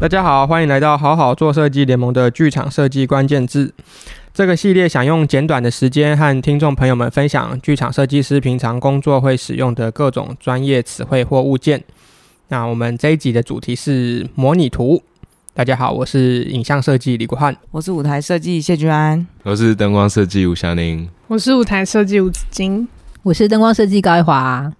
大家好，歡迎來到好好做設計聯盟的劇場設計關鍵字。這個系列想用簡短的時間和聽眾朋友們分享劇場設計師平常工作會使用的各種專業詞彙或物件。那我們這一集的主題是模擬圖。大家好，我是影像設計李國漢，我是舞台設計謝君安，我是燈光設計吳祥寧，我是舞台設計吳子金，我是燈光設計高一華。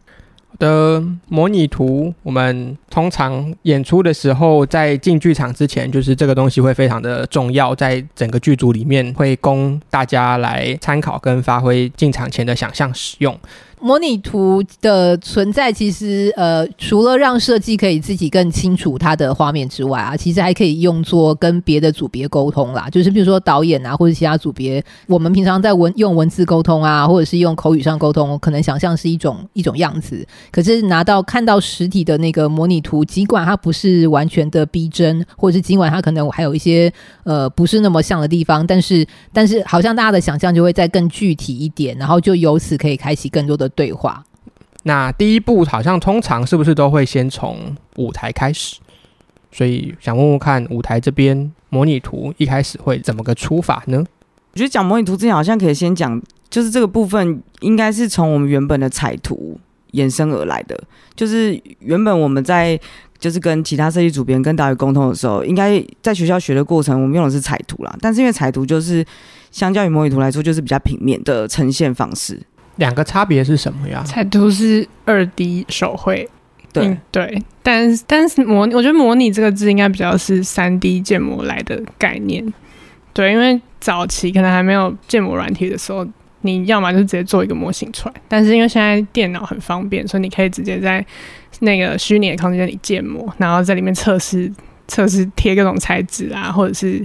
的模擬圖，我們通常演出的時候，在進劇場之前，就是這個東西會非常的重要，在整個劇組裡面會供大家來參考跟發揮進場前的想象使用。模擬圖的存在，其實呃，除了讓設計可以自己更清楚它的畫面之外啊，其實還可以用作跟別的組別溝通啦。就是比如說導演啊，或者其他組別，我們平常在文用文字溝通啊，或者是用口語上溝通，可能想象是一種一種樣子。可是拿到看到實體的那個模擬圖，儘管它不是完全的逼真，或者是儘管它可能我還有一些呃不是那麼像的地方，但是但是好像大家的想象就會再更具體一點，然後就由此可以開啟更多的。對話，那第一步好像通常是不是都會先從舞台開始？所以想問問看，舞台這邊模擬圖一開始會怎麼個出法呢？我覺得講模擬圖之前，好像可以先講，就是這個部分應該是從我們原本的彩圖衍生而來的。就是原本我們在就是跟其他設計主編跟導演溝通的時候，應該在學校學的過程，我們用的是彩圖啦。但是因為彩圖就是相較於模擬圖來說，就是比較平面的呈現方式。兩個差別是什麼呀？彩圖是二 D 手繪，對、嗯、對，但是但是模，我覺得“模擬”這個字應該比較是三 D 建模來的概念，對，因為早期可能還沒有建模軟體的時候，你要麼就直接做一個模型出來，但是因為現在電腦很方便，所以你可以直接在那個虛擬的空間裡建模，然後在裡面測試測試貼各種材質啊，或者是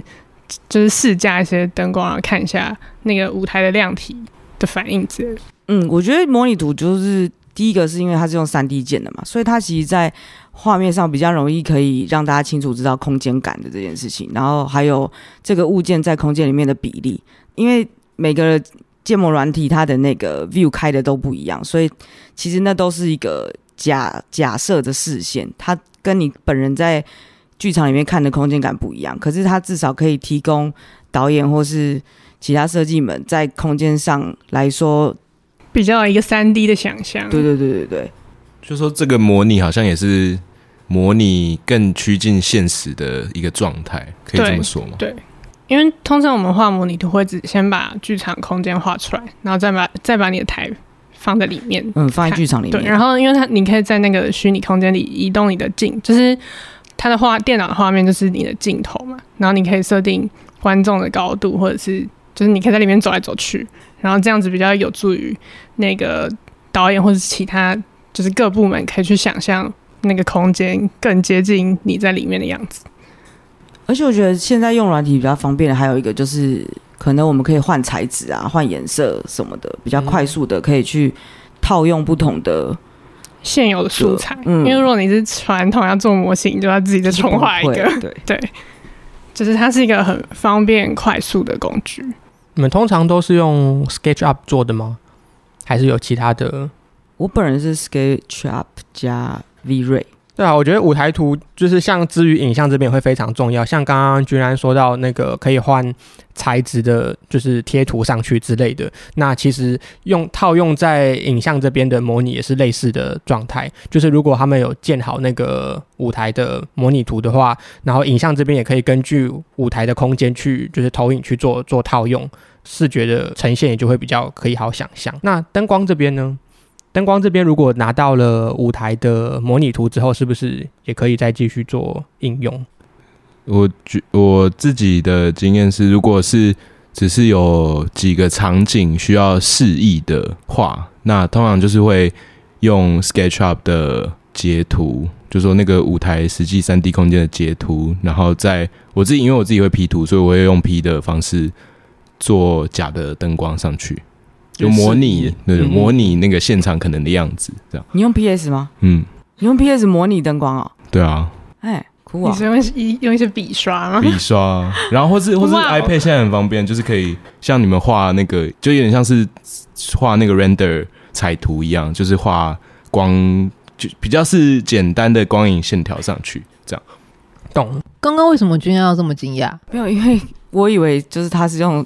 就是試駕一些燈光啊，看一下那個舞台的亮體的反應之類的。嗯，我覺得模擬圖就是第一個，是因為它是用 3D 建的嘛，所以它其實在畫面上比較容易可以讓大家清楚知道空間感的這件事情。然後還有這個物件在空間裡面的比例，因為每個建模軟體它的那個 view 開的都不一樣，所以其實那都是一個假假設的視線，它跟你本人在劇場裡面看的空間感不一樣。可是它至少可以提供導演或是其他設計們在空間上來說。比較一個三 D 的想象啊，對對對對對，對，就說這個模擬好像也是模擬更趨近現實的一個狀態，可以這麼說嗎？對，對，因為通常我們畫模擬圖會只先把劇場空間畫出來，然後再把再把你的台放在裡面，嗯，放在劇場裡面。對，然後因為它你可以在那個虛擬空間裡移動你的鏡，就是它的畫電腦的畫面，就是你的鏡頭嘛，然後你可以設定觀眾的高度或者是。就是你可以在裡面走來走去，然後這樣子比較有助於那個導演或者其他就是各部門可以去想象那個空間更接近你在裡面的樣子。而且我覺得現在用軟體比較方便的還有一個就是，可能我們可以換材質啊、換顏色什麼的，比較快速的可以去套用不同的、嗯、現有的素材、嗯。因為如果你是傳統要做模型，嗯、你就要自己再重畫一個。對對，就是它是一個很方便、快速的工具。你們通常都是用 SketchUp 做的嗎？還是有其他的？我本人是 SketchUp 加 V-Ray。對啊，我覺得舞台圖就是像之於影像這邊會非常重要，像剛剛君安說到那個可以換材質的，就是貼圖上去之類的。那其實用套用在影像這邊的模擬也是類似的狀態，就是如果他們有建好那個舞台的模擬圖的話，然後影像這邊也可以根據舞台的空間去，就是投影去做做套用，視覺的呈現也就會比較可以好想象。那燈光這邊呢？燈光這邊如果拿到了舞台的模擬圖之後，是不是也可以再繼續做應用？我覺我自己的經驗是，如果是只是有幾個場景需要示意的話，那通常就是會用 SketchUp 的截圖，就說那個舞台實際 3D 空間的截圖，然後再我自己因為我自己會 P 圖，所以我會用 P 的方式做假的燈光上去。就模擬、嗯，對，嗯、模擬那個現場可能的樣子，這樣。你用 P S 嗎？嗯。你用 P S 模擬燈光哦。對啊。哎，酷啊、哦！你是用一用一些筆刷嗎？筆刷、啊，然後或是或是 iPad，現在很方便，我我就是可以像你們畫那個，就有點像是畫那個 render 彩圖一樣，就是畫光，就比較是簡單的光影線條上去，這樣。懂。剛剛為什麼君要這麼驚訝？沒有，因為我以為就是他是用。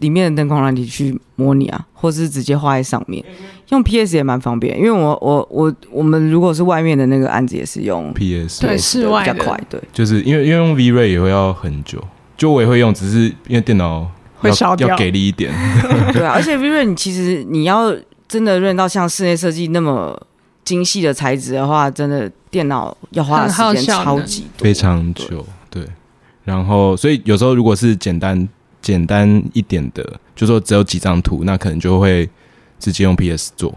裡面的燈光讓你去模擬啊，或是直接畫在上面，用 PS 也蠻方便。因為我我我我們如果是外面的那個案子，也是用 PS，對,對，室外的，對，比較快。對，就是因為因為用 V-Ray 也會要很久，就我也會用，只是因為電腦會要給力一點， 對啊。而且 V-Ray 你其實你要真的潤到像室內設計那麼精細的材質的話，真的電腦要花的時間超級多，非常久，對。然後所以有時候如果是簡單。簡單一點的，就說只有幾張圖，那可能就會直接用 PS 做。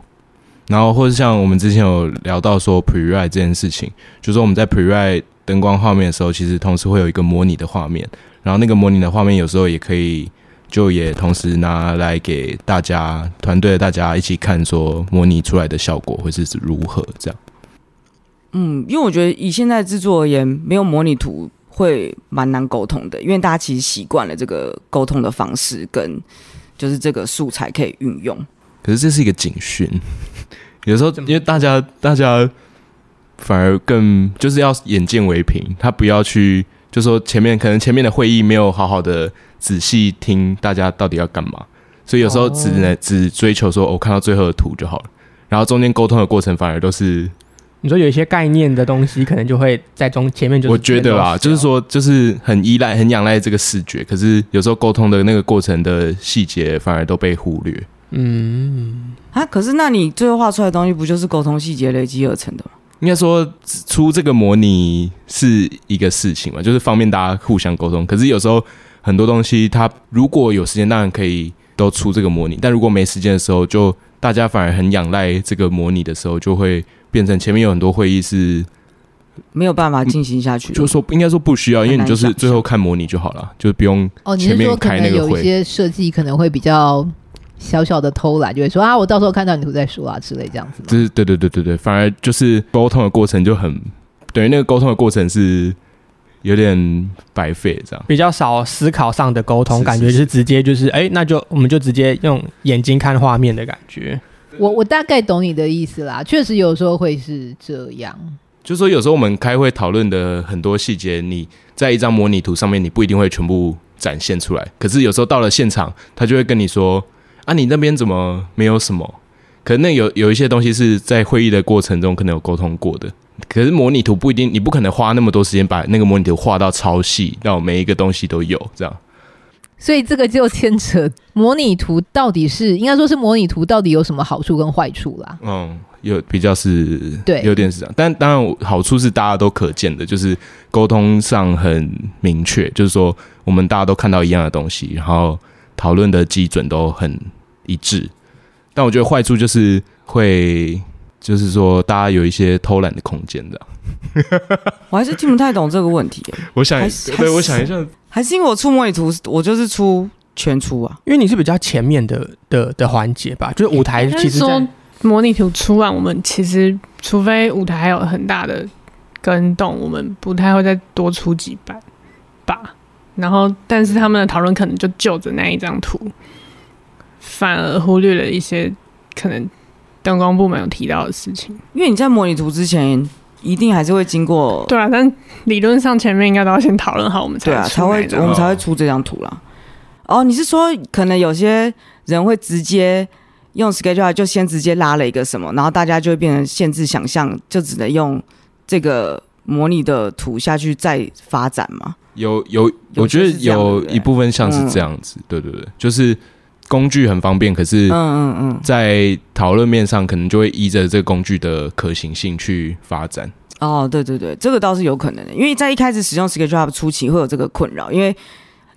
然後或是像我們之前有聊到說 prelight 這件事情，就說我們在 prelight 燈光畫面的時候，其實同時會有一個模擬的畫面。然後那個模擬的畫面有時候也可以就也同時拿來給大家團隊的大家一起看，說模擬出來的效果會是如何這樣。嗯，因為我覺得以現在製作而言，沒有模擬圖，會蠻難溝通的，因為大家其實習慣了這個溝通的方式，跟就是這個素材可以運用。可是這是一個警訊，有時候因為大家大家，反而更就是要眼見為憑，他不要去就說前面可能前面的會議沒有好好的仔細聽大家到底要幹嘛，所以有時候只能、oh. 只追求說我，哦，看到最後的圖就好了，然後中間溝通的過程反而都是。你說有一些概念的東西，可能就會在中前面就我覺得啊，就是說，就是很依賴、很仰賴這個視覺。可是有時候溝通的那個過程的細節，反而都被忽略。嗯，啊，可是那你最後畫出來的東西，不就是溝通細節累積而成的嗎？應該說出這個模擬是一個事情嘛，就是方便大家互相溝通。可是有時候很多東西，它如果有時間，當然可以都出這個模擬；但如果沒時間的時候，就。大家反而很仰賴這個模擬的時候，就會變成前面有很多會議是沒有辦法進行下去。就是說應該說不需要，因為你就是最後看模擬就好了，就不用前面開那個會。哦，你是說可能有一些設計可能會比較小小的偷懶，就會說啊，我到時候看到你圖再說啊之類這樣子。就是對對對對對，反而就是溝通的過程就很等於那個溝通的過程是。有點白費，這樣比較少思考上的溝通，感覺就是直接就是哎、欸，那就我們就直接用眼睛看畫面的感覺。我我大概懂你的意思啦，確實有時候會是這樣。就說有時候我們開會討論的很多細節，你在一張模擬圖上面，你不一定會全部展現出來。可是有時候到了現場，他就會跟你說啊，你那邊怎麼沒有什麼？可能有有一些東西是在會議的過程中可能有溝通過的。可是模擬圖不一定，你不可能花那麼多時間把那個模擬圖畫到超細，到每一個東西都有這樣。所以這個就牽扯模擬圖到底是應該說是模擬圖到底有什麼好處跟壞處啦？嗯，有比較是，對，有點是這樣。但當然好處是大家都可見的，就是溝通上很明確，就是說我們大家都看到一樣的東西，然後討論的基準都很一致。但我覺得壞處就是會。就是說，大家有一些偷懶的空間的。我還是聽不太懂這個問題欸。 我想，對，我想一下，還是因為我出模擬圖，我就是出全出啊。因為你是比較前面的的的環節吧，就是舞台其實模擬圖出完，我們其實除非舞台有很大的跟動，我們不太會再多出幾版吧。然後，但是他們的討論可能就就着那一張圖，反而忽略了一些可能。燈光部門有提到的事情，因為你在模擬圖之前，一定還是會經過對啊，但理論上前面應該都要先討論好，我們才對啊才會我們才會出這張圖啦哦。哦，你是說可能有些人會直接用 schedule 就先直接拉了一個什麼，然後大家就會變成限制想象，就只能用這個模擬的圖下去再發展嗎？有有，有，有，我覺得有一部分像是這樣子，嗯、對對對，就是。工具很方便，可是嗯嗯嗯，在討論面上可能就會依着這個工具的可行性去發展嗯嗯嗯。哦，對對對，這個倒是有可能的，因為在一開始使用 SketchUp 初期會有這個困擾，因為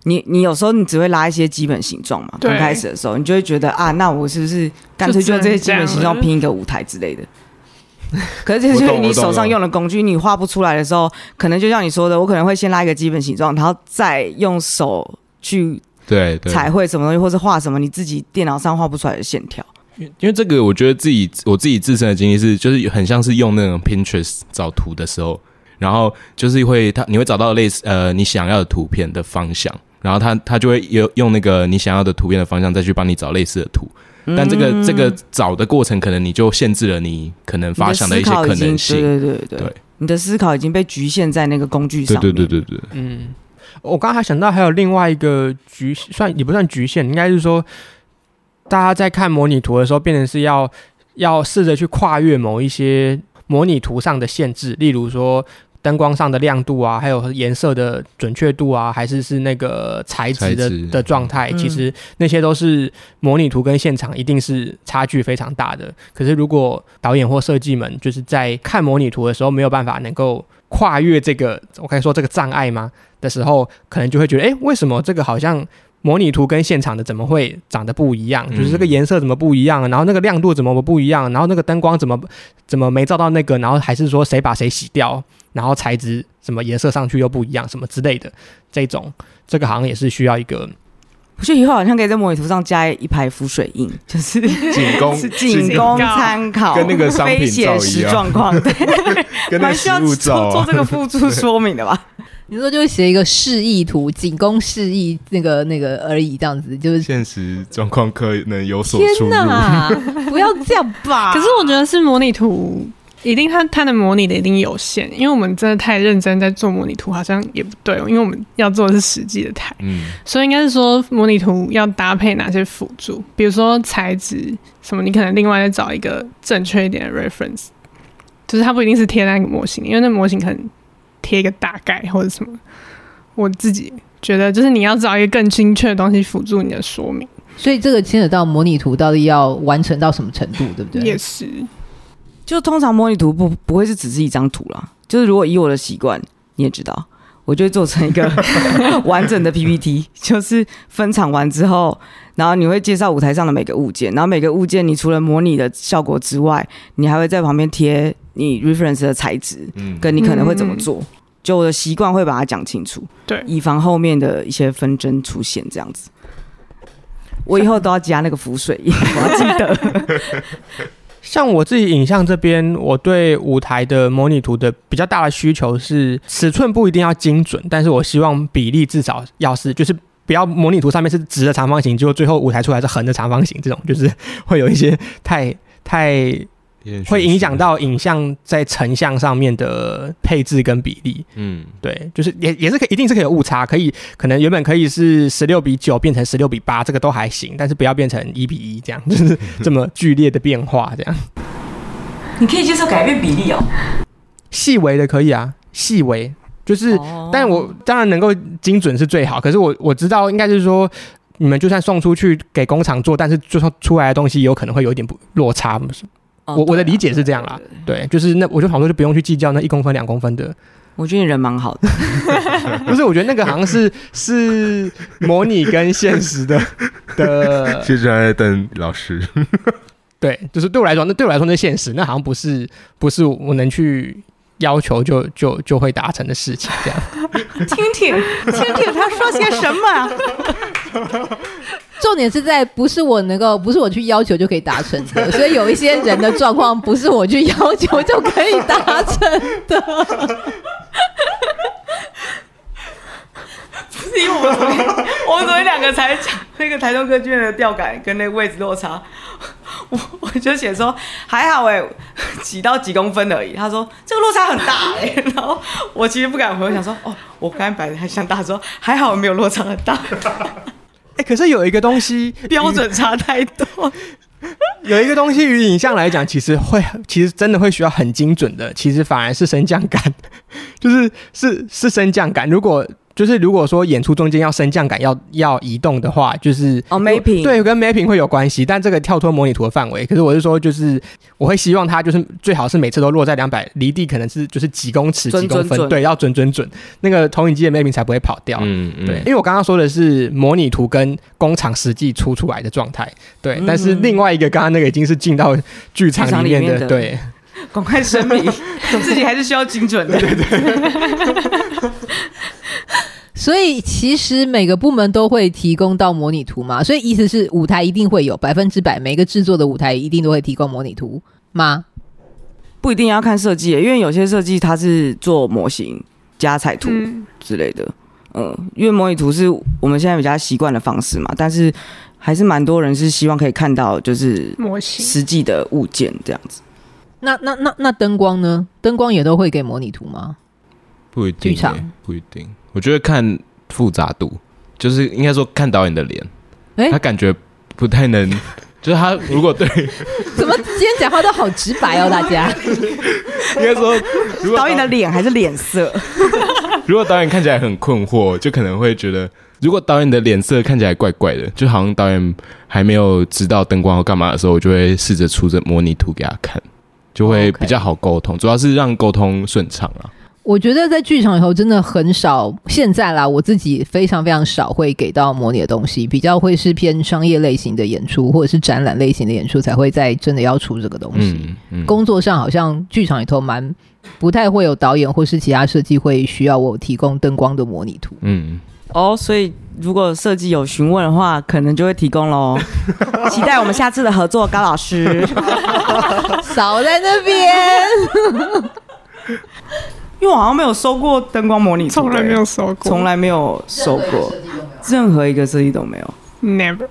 你你有時候你只會拉一些基本形狀嘛，剛開始的時候你就會覺得啊，那我是不是乾脆就用這些基本形狀拼一個舞台之類的？這可是這就是你手上用的工具，你畫不出來的時候，可能就像你說的，我可能會先拉一個基本形狀，然後再用手去。對，對彩繪什麼東西，或者畫什麼，你自己電腦上畫不出來的線條。因為這個，我覺得自己我自己自身的經歷是，就是很像是用那種 Pinterest 找圖的時候，然後就是會它你會找到類似呃你想要的圖片的方向，然後它它就會有用那個你想要的圖片的方向再去幫你找類似的圖，嗯、但這個這個找的過程，可能你就限制了你可能發想的一些可能性。對對對、對、對、對，你的思考已經被局限在那個工具上。對對、對對對對對，嗯。我剛才想到還有另外一個局限，算，也不算局限，應該是說，大家在看模擬圖的時候，變成是要要試着去跨越某一些模擬圖上的限制，例如說燈光上的亮度啊，還有顏色的準確度啊，還是是那個材質的材質的狀態，其實那些都是模擬圖跟現場一定是差距非常大的。可是如果導演或設計們就是在看模擬圖的時候，沒有辦法能夠跨越這個，我可以說這個障礙嗎？的時候，可能就會覺得，哎、欸，為什麼這個好像模擬圖跟現場的怎麼會長得不一樣？嗯、就是這個顏色怎麼不一樣？然後那個亮度怎麼不一樣？然後那個燈光怎麼怎麼沒照到那個？然後還是說誰把誰洗掉？然後材質什麼顏色上去又不一樣，什麼之類的這種，這個好像也是需要一個。我覺得以後好像可以在模擬圖上加一排浮水印，就是僅供僅供參考，跟那個非現實狀況，對，蠻 需要做，做這個輔助說明的吧。你說就是寫一個示意圖，僅供示意，那個那個而已，這樣子就是現實狀況可能有所出入。天哪，不要這樣吧？ 可是我覺得是模擬圖，一定它它的模擬的一定有限，因為我們真的太認真在做模擬圖，好像也不對哦。因為我們要做的是實際的台，嗯，所以應該是說模擬圖要搭配哪些輔助，比如說材質什麼，你可能另外再找一個正確一點的 reference，就是它不一定是貼在那個模型，因為那模型可能。貼一個大概或者什麼，我自己覺得就是你要找一個更精確的東西輔助你的說明。所以這個牽扯到模擬圖到底要完成到什麼程度，對不對？也是，就通常模擬圖不不會是只是一張圖啦，就是如果以我的習慣，你也知道。我就會做成一個 完整的 PPT，就是分場完之後，然後你會介紹舞台上的每個物件，然後每個物件你除了模擬的效果之外，你還會在旁邊貼你 reference 的材質，嗯，跟你可能會怎麼做，就我的習慣會把它講清楚，對，以防後面的一些紛爭出現這樣子。我以後都要加那個浮水印， 我要記得。 像我自己影像這邊，我對舞台的模擬圖的比較大的需求是尺寸不一定要精準，但是我希望比例至少要是，就是不要模擬圖上面是直的長方形，就最後舞台出來是橫的長方形，這種就是會有一些太太。會影響到影像在成像上面的配置跟比例，嗯，對，就是也也是可以，一定是可以有誤差，可以可能原本可以是十六比九變成十六比八，這個都還行，但是不要變成一比一這樣，就是這麼劇烈的變化這樣。你可以接受改變比例哦？細微的可以啊，細微就是，但我當然能夠精準是最好，可是我我知道應該就是說，你們就算送出去給工廠做，但是就算出來的東西有可能會有一點不落差。我、oh, 我的理解是這樣啦，對、啊對，對，對，對，就是那我覺得好多就不用去計較那一公分兩公分的。我覺得你人蠻好的， 不是？我覺得那個好像是是模擬跟現實的的。其實還在等老師。 對，就是對我來說，那對我來說那現實，那好像不是不是我能去要求就就就會達成的事情。這樣， 聽聽聽聽他說些什麼。 重點是在不是我能夠，不是我去要求就可以達成的，所以有一些人的狀況不是我去要求就可以達成的。 我們昨天，我昨天兩個才講那個臺中歌劇院的吊桿跟那個位置落差，我我就寫說，還好哎，幾到幾公分而已。他說這個落差很大哎，然後我其實不敢回，我想說哦，我剛才擺的還像大說還好沒有落差很大。 哎，可是有一個東西標準差太多，有一個東西與影像來講，其實會，其實真的會需要很精準的，其實反而是升降桿，就是是是升降桿，如果。就是如果說演出中間要升降桿要要移動的話，就是，oh, mapping 對跟 mapping 會有關係，但這個跳脫模擬圖的範圍。可是我是說，就是我會希望它就是最好是每次都落在兩百離地，可能是就是幾公尺幾公分準准準，對，要準准準。那個投影機的 mapping 才不會跑掉。嗯嗯。對嗯，因為我剛剛說的是模擬圖跟工廠實際出出來的狀態，對。嗯、但是另外一個，剛剛那個已經是進到劇場裡面的，面的對。公開聲明， 自己還是需要精準的。對對對。所以其實每個部門都會提供到模擬圖嗎？所以意思是舞台一定會有百分之百，每個製作的舞台一定都會提供模擬圖嗎？不一定，要看設計。欸，因為有些設計它是做模型加彩圖之類的，嗯，呃、因為模擬圖是我們現在比較習慣的方式嘛，但是還是蠻多人是希望可以看到就是模型實際的物件這樣子。那那那那燈光呢？燈光也都會給模擬圖嗎？不一定、欸，劇場不一定。我覺得看複雜度，就是應該說看導演的臉，欸，他感覺不太能， 就是他如果對，怎麼今天講話都好直白哦， 大家應該說，導演的臉還是臉色， 如果導演看起來很困惑，就可能會覺得，如果導演的臉色看起來怪怪的，就好像導演還沒有知道燈光要幹嘛的時候，我就會試着出着模擬圖給他看，就會比較好溝通，oh, okay. 主要是讓溝通順暢。我覺得在劇場裡頭真的很少，現在啦，我自己非常非常少會給到模擬的東西，比較會是偏商業類型的演出，或者是展覽類型的演出，才會在真的要出這個東西。嗯嗯，工作上好像劇場裡頭蠻不太會有導演或是其他設計會需要我提供燈光的模擬圖。嗯，哦，oh，所以如果設計有詢問的話，可能就會提供嘍。 期待我們下次的合作，高老師，少 在那邊。 因為我好像沒有收過燈光模擬圖，從來沒有收過，從來沒有收過，任何一個設計都沒有，都沒有，never。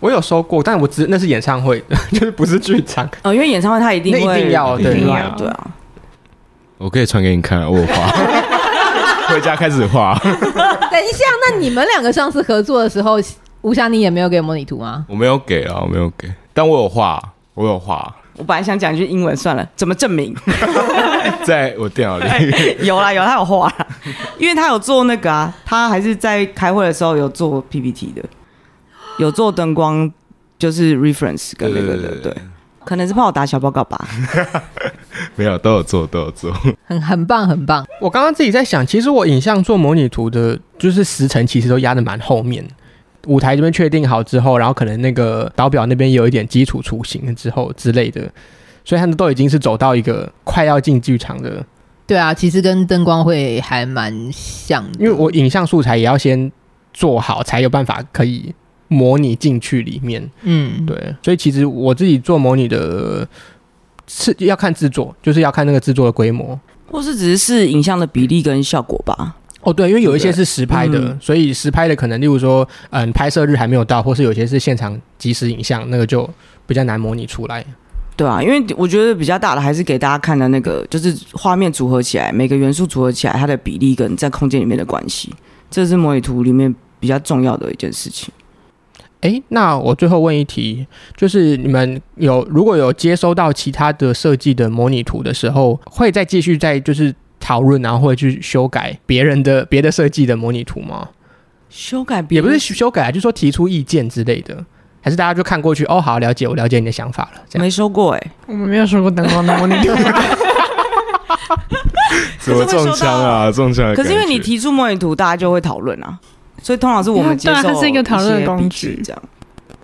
我有收過，但我只那是演唱會 就是不是劇場。哦，因為演唱會他一定會一定要對啊對啊。我可以傳給你看，我有畫， 回家開始畫。 等一下，那你們兩個上次合作的時候，吳霞你也沒有給模擬圖嗎？我沒有給啊，我沒有給，但我有畫，我有畫。我本來想講一句英文算了，怎麼證明？ 在我電腦裡有啦、啊、有他有畫、啊，因為他有做那個啊，他還是在開會的時候有做 PPT 的，有做燈光就是 reference 跟那個的對對對對對。對，可能是怕我打小報告吧。 沒有都有做都有做，很很棒很棒。我剛剛自己在想，其實我影像做模擬圖的，就是時程其實都壓得蠻後面的。舞台這邊確定好之後，然後可能那個導表那邊有一點基礎雛形之後之類的，所以他們都已經是走到一個快要進劇場的。對啊，其實跟燈光會還蠻像的，因為我影像素材也要先做好，才有辦法可以模擬進去裡面。嗯，對，所以其實我自己做模擬的是要看制作，就是要看那個制作的規模，或是只是是影像的比例跟效果吧。嗯哦，對，因為有一些是實拍的，所以實拍的可能，例如說，嗯、呃，拍攝日還沒有到，或是有些是現場即時影像，那個就比較難模擬出來。對啊，因為我覺得比較大的還是給大家看的那個，就是畫面組合起來，每個元素組合起來，它的比例跟在空間裡面的關係，這是模擬圖裡面比較重要的一件事情。欸，那我最後問一題，就是你們有如果有接收到其他的設計的模擬圖的時候，會再繼續在就是。討論、啊，然後會去修改別人的別的設計的模擬圖嗎？修改別人也不是修改啊，就是說提出意見之類的，還是大家就看過去？哦，好，了解，我了解你的想法了。沒說過哎、欸，我們沒有說過燈光的模擬圖。 怎麼中槍啊？中槍！可是因為你提出模擬圖，大家就會討論啊，所以通常是我們接受這樣對、啊，這是一個討論的工具，這樣。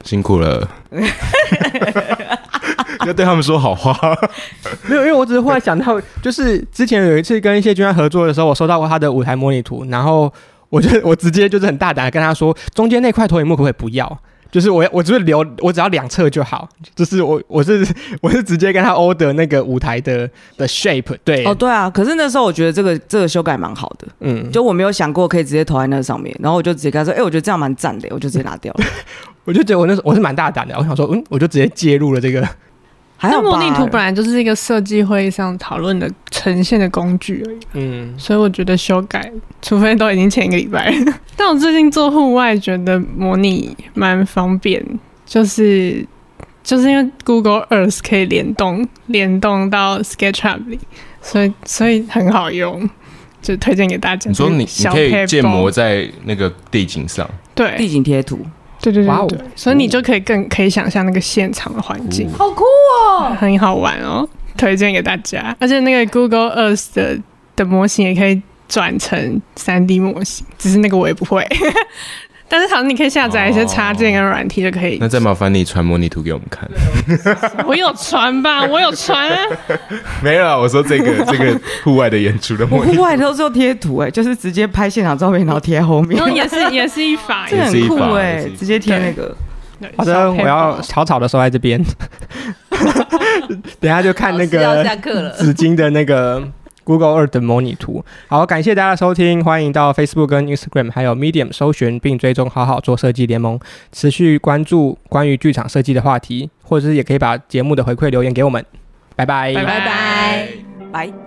辛苦了。 要對他們說好話， 沒有，因為我只是忽然想到，就是之前有一次跟謝君安合作的時候，我收到過他的舞台模擬圖，然後我就我直接就是很大膽的跟他說，中間那塊投影幕可不可以不要，就是我我就是留，我只要兩側就好，就是我我是我是直接跟他 order 的那個舞台的的 shape，對，哦對啊，可是那時候我覺得這個這個修改蠻好的，嗯，就我沒有想過可以直接投在那上面，然後我就直接跟他說，哎、欸，我覺得這樣蠻讚的，我就直接拿掉了， 我就覺得我那時候我是蠻大膽的，我想說，嗯，我就直接介入了這個。這模擬圖本來就是一個設計會議上討論的呈現的工具而已。嗯，所以我覺得修改，除非都已經前一個禮拜。但我最近做戶外，覺得模擬蠻方便，就是就是因為 Google Earth 可以聯動，聯動到 SketchUp 裡，所以所以很好用，就推薦給大家。你說你你可以建模在那個地景上，對，地景貼圖。對對對，對，wow, 對，對，所以你就可以更可以想象那個現場的環境，好酷哦，很好玩哦，推薦給大家。而且那個 Google Earth 的的模型也可以轉成三 D 模型，只是那個我也不會。 但是好像你可以下載一些插件跟軟體就可以、哦。那再麻煩你傳模擬圖給我們看 我有傳吧，我有傳、啊。 沒有，啊，我說這個這個戶外的演出的模擬圖，戶外的時候貼圖哎，就是直接拍現場照片，然後貼後面。嗯、也是也是一法，一這很酷哎，直接貼那個。好像、啊、我要草草的收在這邊。 等一下就看那個紙巾的那個。 Google Earth 的模擬圖，好，感謝大家的收聽，歡迎到 Facebook 跟 Instagram 還有 Medium 搜尋並追蹤好好做設計聯盟，持續關注關於劇場設計的話題，或者是也可以把節目的回饋留言給我們，拜拜，拜拜拜。Bye.